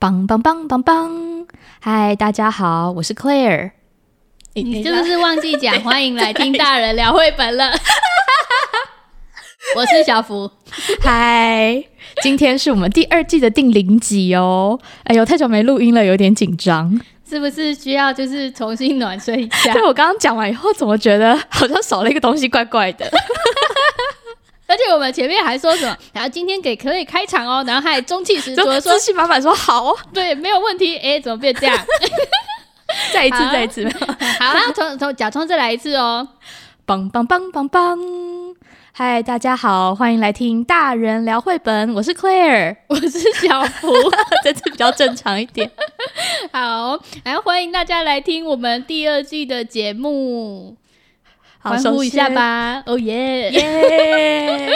棒棒棒棒 b 嗨，Hi, 大家好，我是 Claire，、欸、你是不是忘記講歡迎來聽大人聊繪本了？ 我是小福，嗨，今天是我們第二季的第零集哦，哎呦，太久沒錄音了，有點緊張，是不是需要就是重新暖身一下？對我剛剛講完以後，怎麼覺得好像少了一個東西，怪怪的？所以我們前面還說什麼？然後今天給可以開場哦，男孩還還中氣十足說：“氣滿滿說好，對，沒有問題。”哎，怎麼變這樣？ 再一次，再一次，好， 好好好從從假裝再來一次哦！棒棒棒棒棒！嗨，大家好，歡迎來聽大人聊繪本，我是 Claire，我是小福， 這次比較正常一點。 好，來歡迎大家來聽我們第二季的節目。歡呼一下吧，哦耶耶！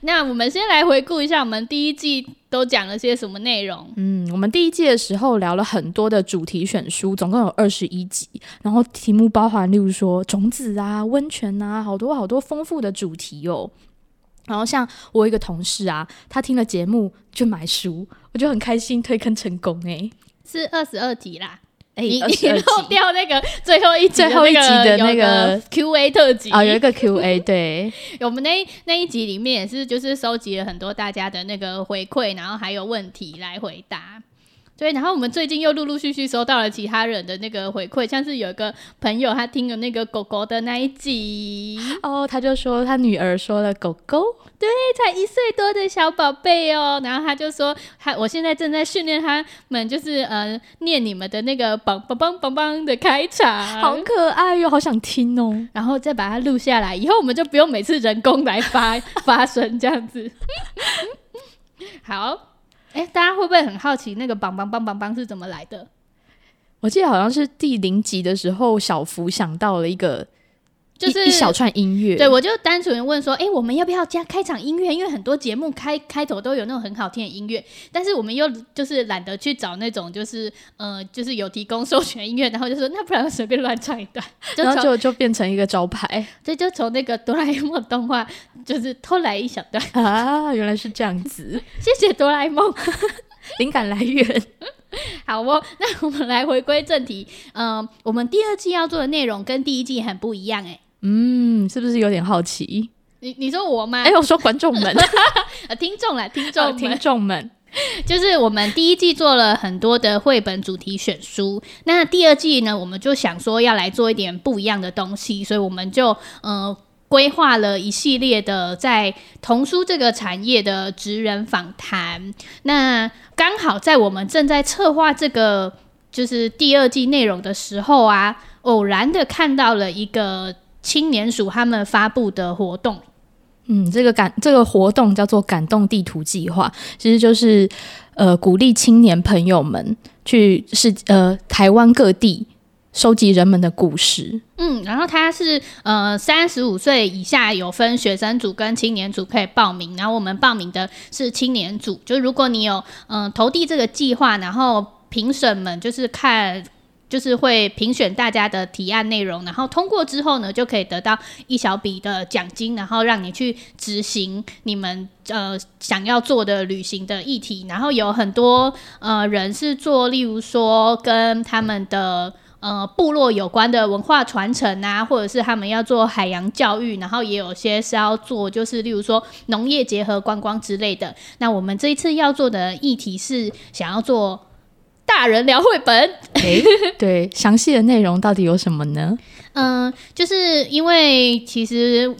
那我們先來回顧一下我們第一季都講了些什麼內容。嗯，我們第一季的時候聊了很多的主題選書，總共有二十一集，然後題目包含例如說種子啊、溫泉啊，好多好多豐富的主題哦。然後像我有一個同事啊，他聽了節目就買書，我就很開心推坑成功誒，是二十二集啦。欸、你你漏掉那個最後一最後一集的那個，的、那個、個 Q&A 特輯、哦、有一個 Q&A，對， 我們那那一集裡面也是就是收集了很多大家的那個回饋，然後還有問題來回答。對，然後我們最近又陸陸續續收到了其他人的那個回饋，像是有一個朋友他聽了那個狗狗的那一集，哦，他就說他女兒說了狗狗，對，才一歲多的小寶貝哦，然後他就說他我現在正在訓練他們，就是呃念你們的那個梆梆梆梆梆的開場，好可愛喲、哦，好想聽哦，然後再把它錄下來，以後我們就不用每次人工來发 發聲這樣子， 好。哎，大家會不會很好奇那個“棒棒棒棒棒”是怎麼來的？我記得好像是第零集的時候，小福想到了一個。就是一,一小串音樂，對我就單純的問說：“哎、欸，我們要不要加開場音樂？因為很多節目開開頭都有那種很好聽的音樂，但是我們又就是懶得去找那種，就是呃，就是有提供授權音樂，然後就說那不然我隨便亂唱一段，就然後就就變成一個招牌。這就從那個哆啦 A 夢動畫，就是偷來一小段。啊，原來是這樣子， 謝謝哆啦 A 夢，靈 感來源。好不、哦？那我們來回歸正題，嗯、呃，我們第二季要做的內容跟第一季很不一樣、欸，誒。嗯，是不是有點好奇？你你說我嗎？哎、欸，我說觀眾們， 聽眾啦聽眾，聽眾們，呃，聽眾們，就是我們第一季做了很多的繪本主題選書，那第二季呢，我們就想說要來做一點不一樣的東西，所以我們就呃規劃了一系列的在童書這個產業的職人訪談。那剛好在我們正在策劃這個就是第二季內容的時候啊，偶然的看到了一個。青年署他們發布的活動，嗯，這個感這個活動叫做“感動地圖計劃”，其實就是呃鼓勵青年朋友們去是呃台灣各地收集人們的故事。嗯，然後他是呃三十五歲以下，有分學生組跟青年組可以報名，然後我們報名的是青年組。就如果你有嗯、呃、投遞這個計劃，然後評審們就是看。就是會評選大家的提案內容，然後通過之後呢，就可以得到一小筆的獎金，然後讓你去執行你們呃想要做的旅行的議題。然後有很多呃人是做，例如說跟他們的呃部落有關的文化傳承啊，或者是他們要做海洋教育，然後也有些是要做，就是例如說農業結合觀光之類的。那我們這一次要做的議題是想要做。大人聊繪本。欸，哎，對，詳 細的內容到底有什麼呢？嗯、呃，就是因為其實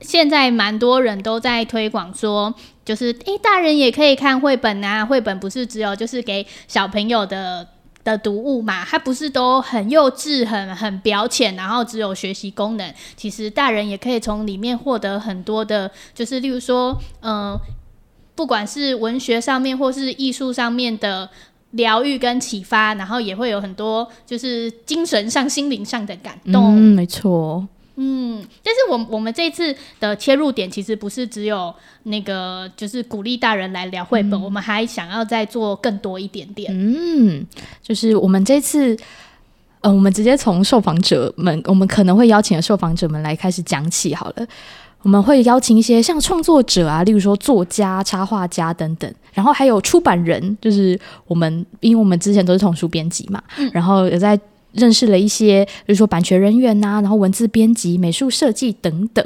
現在蠻多人都在推廣說，就是哎、欸，大人也可以看繪本啊。繪本不是只有就是給小朋友的的讀物嘛？它不是都很幼稚、很很表淺，然後只有學習功能。其實大人也可以從裡面獲得很多的，就是例如說，嗯、呃，不管是文學上面或是藝術上面的。療癒跟啟發，然後也會有很多就是精神上、心靈上的感動。嗯，沒錯。嗯，但是我們我們這次的切入點其實不是只有那個，就是鼓勵大人來聊繪、嗯、本，我們還想要再做更多一點點。嗯，就是我們這次，呃，我們直接從受訪者們，我們可能會邀請的受訪者們來開始講起好了。我們會邀請一些像創作者啊，例如說作家、插畫家等等，然後還有出版人，就是我們，因為我們之前都是童書編輯嘛、嗯，然後也在認識了一些，比如說版權人員吶、啊，然後文字編輯、美術設計等等，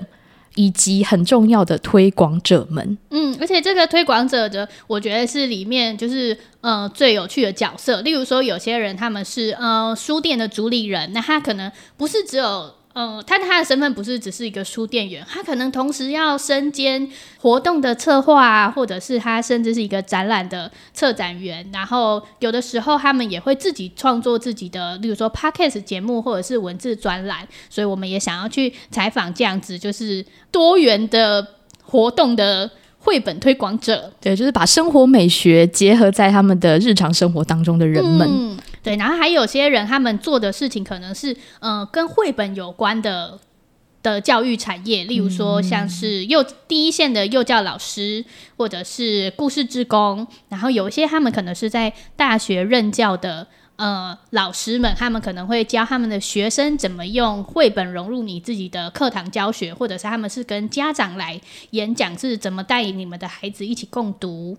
以及很重要的推廣者們。嗯，而且這個推廣者的，我覺得是裡面就是呃最有趣的角色。例如說，有些人他們是呃書店的主理人，那他可能不是只有。呃，他的身份不是只是一個書店員，他可能同時要身兼活動的策劃啊，或者是他甚至是一個展覽的策展員。然後有的時候他們也會自己創作自己的，例如說 Podcast 節目或者是文字專欄。所以我們也想要去採訪這樣子，就是多元的活動的繪本推廣者。對，就是把生活美學結合在他們的日常生活當中的人們。嗯對，然後還有些人，他們做的事情可能是，嗯、呃，跟繪本有關的的教育產業，例如說像是幼、嗯、第一線的幼教老師，或者是故事志工，然後有一些他們可能是在大學任教的，呃，老師們，他們可能會教他們的學生怎麼用繪本融入你自己的課堂教學，或者是他們是跟家長來演講是怎麼帶領你們的孩子一起共讀。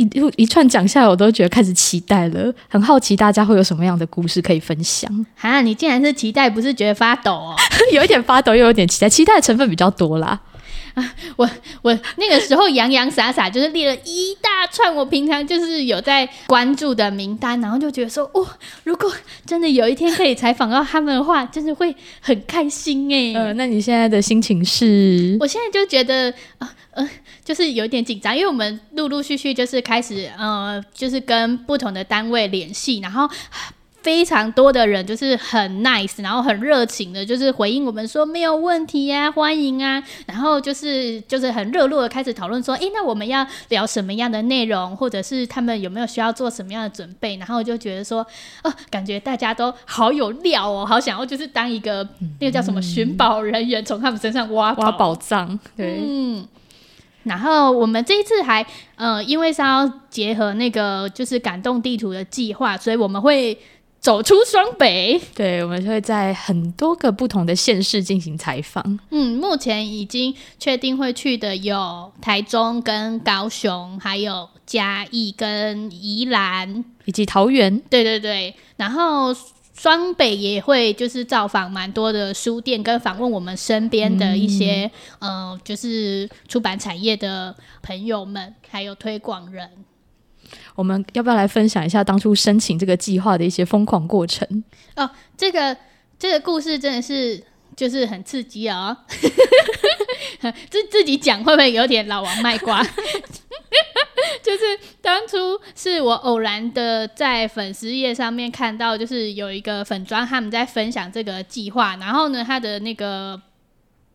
一一串講下來，我都覺得開始期待了，很好奇大家會有什麼樣的故事可以分享。哈，你竟然是期待，不是覺得發抖哦？ 有一點發抖，又有點期待，期待的成分比較多啦。啊，我，我那個時候洋洋灑灑就是列了一大串，我平常就是有在關注的名單，然後就覺得說，哦，如果真的有一天可以採訪到他們的話，真的就是會很開心哎、欸。呃，那你現在的心情是？我現在就覺得，呃，呃，就是有點緊張，因為我們陸陸續續就是開始，呃，就是跟不同的單位聯繫，然後。非常多的人就是很 nice，然後很熱情的，就是回應我們說沒有問題呀、啊，歡迎啊，然後就是就是很熱絡的開始討論說，哎、欸，那我們要聊什麼樣的內容，或者是他們有沒有需要做什麼樣的準備，然後就覺得說，哦、呃，感覺大家都好有料哦、喔，好想要就是當一個、嗯、那個叫什麼尋寶人員，從、嗯、他們身上挖挖寶藏，對。嗯，然後我們這一次還呃，因為是要結合那個就是感動地圖的計劃，所以我們會。走出雙北，對，我們會在很多個不同的縣市進行採訪。嗯，目前已經確定會去的有台中跟高雄，還有嘉義跟宜蘭，以及桃園。對對對，然後雙北也會就是造訪蠻多的書店，跟訪問我們身邊的一些、嗯、呃，就是出版產業的朋友們，還有推廣人。我們要不要來分享一下當初申請這個計劃的一些瘋狂過程？哦，這個這個故事真的是就是很刺激啊、哦！ 自自己講會不會有點老王賣瓜？ 就是當初是我偶然的在粉絲頁上面看到，就是有一個粉專他們在分享這個計劃，然後呢，他的那個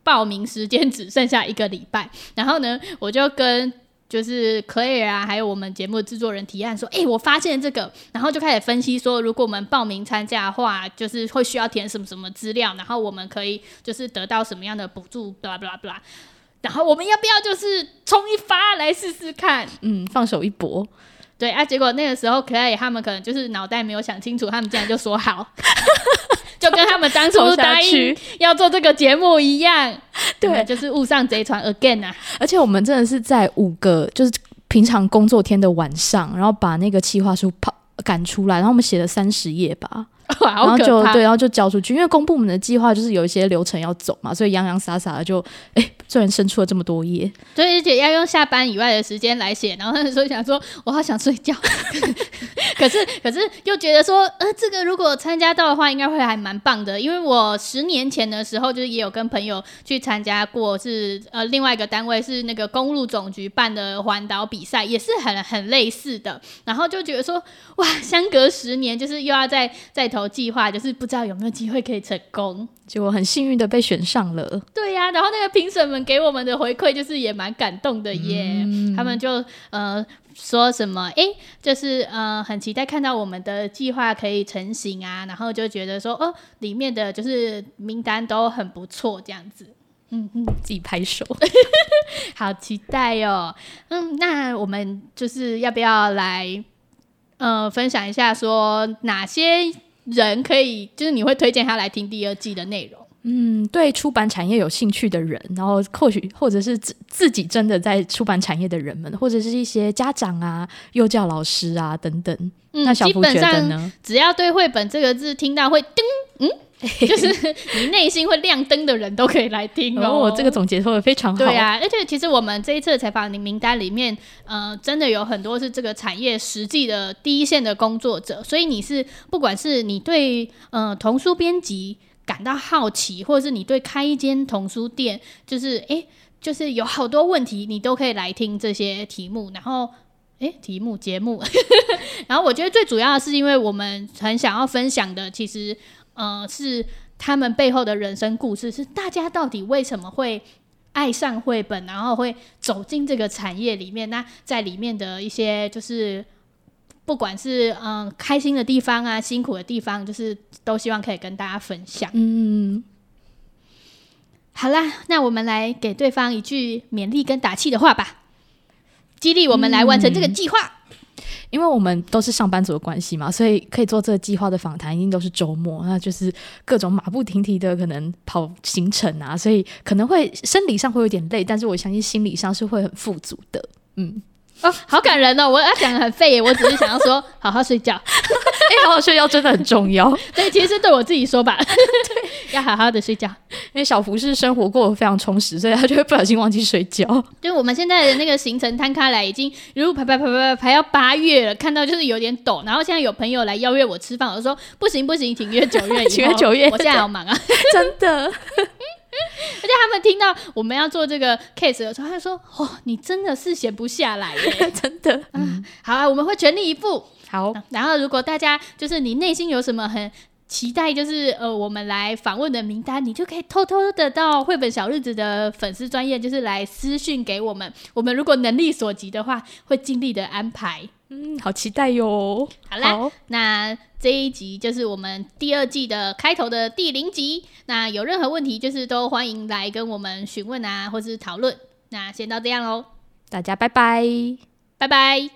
報名時間只剩下一個禮拜，然後呢，我就跟。就是可以啊，還有我們節目的制作人提案說：“哎、欸，我發現這個，然後就開始分析說，如果我們報名參加的話，就是會需要填什麼什麼資料，然後我們可以就是得到什麼樣的補助，b l a 拉 b l a b l a 然後我們要不要就是衝一發來試試看？嗯，放手一搏。對啊，結果那個時候可 l 他們可能就是腦袋沒有想清楚，他們竟然就說好。 ” 就跟他們當初是答應要做這個節目一樣， 對、啊，就是誤上賊船 again 啊！而且我們真的是在五個就是平常工作天的晚上，然後把那個企劃書跑趕出來，然後我們寫了三十頁吧， 然後就對，然後就交出去，因為公布我們的計劃就是有一些流程要走嘛，所以洋洋灑灑的就哎、欸居然生出了這麼多頁，所以且要用下班以外的時間來寫。然後那時候想說，我好想睡覺， 可是可是又覺得說，呃，這個如果參加到的話，應該會還蠻棒的。因為我十年前的時候，就是也有跟朋友去參加過是，是呃另外一個單位是那個公路總局辦的環島比賽，也是很很類似的。然後就覺得說，哇，相隔十年，就是又要再再投計劃，就是不知道有沒有機會可以成功。結果很幸運的被選上了。對呀、啊，然後那個評審。他們給我們的回饋就是也蠻感動的耶，嗯、他們就呃說什麼哎、欸，就是呃很期待看到我們的計劃可以成型啊，然後就覺得說哦、呃，裡面的就是名單都很不錯這樣子，嗯嗯，自己拍手， 好期待喲、喔。嗯，那我們就是要不要來呃分享一下，說哪些人可以，就是你會推薦他來聽第二季的內容？嗯，對出版產業有興趣的人，然後或許或者是自自己真的在出版產業的人們，或者是一些家長啊、幼教老師啊等等，嗯、那小福覺得基本上呢，只要對繪本這個字聽到會噔，嗯，就是你內心會亮燈的人都可以來聽。然後我這個總結說的非常好。對啊，而且其實我們這一次的採訪名名單裡面，呃，真的有很多是這個產業實際的第一線的工作者，所以你是不管是你對呃童書編輯。感到好奇，或者是你對開一間童書店，就是誒，就是有好多問題，你都可以來聽這些題目，然後誒，題目節目呵呵，然後我覺得最主要的是，因為我們很想要分享的，其實呃是他們背後的人生故事，是大家到底為什麼會愛上繪本，然後會走進這個產業裡面，那在裡面的一些就是。不管是嗯開心的地方啊，辛苦的地方，就是都希望可以跟大家分享。嗯，好啦，那我們來給對方一句勉勵跟打氣的話吧，激勵我們來完成這個計劃。嗯。因為我們都是上班族的關係嘛，所以可以做這個計劃的訪談一定都是周末，那就是各種馬不停蹄的可能跑行程啊，所以可能會生理上會有點累，但是我相信心理上是會很富足的。嗯。哦，好感人哦。我要講的很廢耶，我只是想要說好好睡覺，哎、 欸，好好睡覺真的很重要。 對，其實對我自己說吧， 要好好的睡覺，因為小福是生活過得非常充實，所以他就會不小心忘記睡覺。就是我們現在的那個行程攤開來，已經如排排排排排要八月了，看到就是有點抖。然後現在有朋友來邀約我吃飯，我說不行不行，停約九月，請 約九月，我現在好忙啊， 真的。而且他們聽到我們要做這個 case 的時候，他就說：“哦，你真的是閒不下來耶、欸， 真的。啊”啊、嗯，好啊，我們會全力以赴。好、啊，然後如果大家就是你內心有什麼很期待，就是呃，我們來訪問的名單，你就可以偷偷的到繪本小日子的粉絲專頁，就是來私訊給我們。我們如果能力所及的話，會盡力的安排。嗯，好期待喲、哦！好啦好，那這一集就是我們第二季的開頭的第零集。那有任何問題，就是都歡迎來跟我們詢問啊，或是討論。那先到這樣嘍，大家拜拜，拜拜。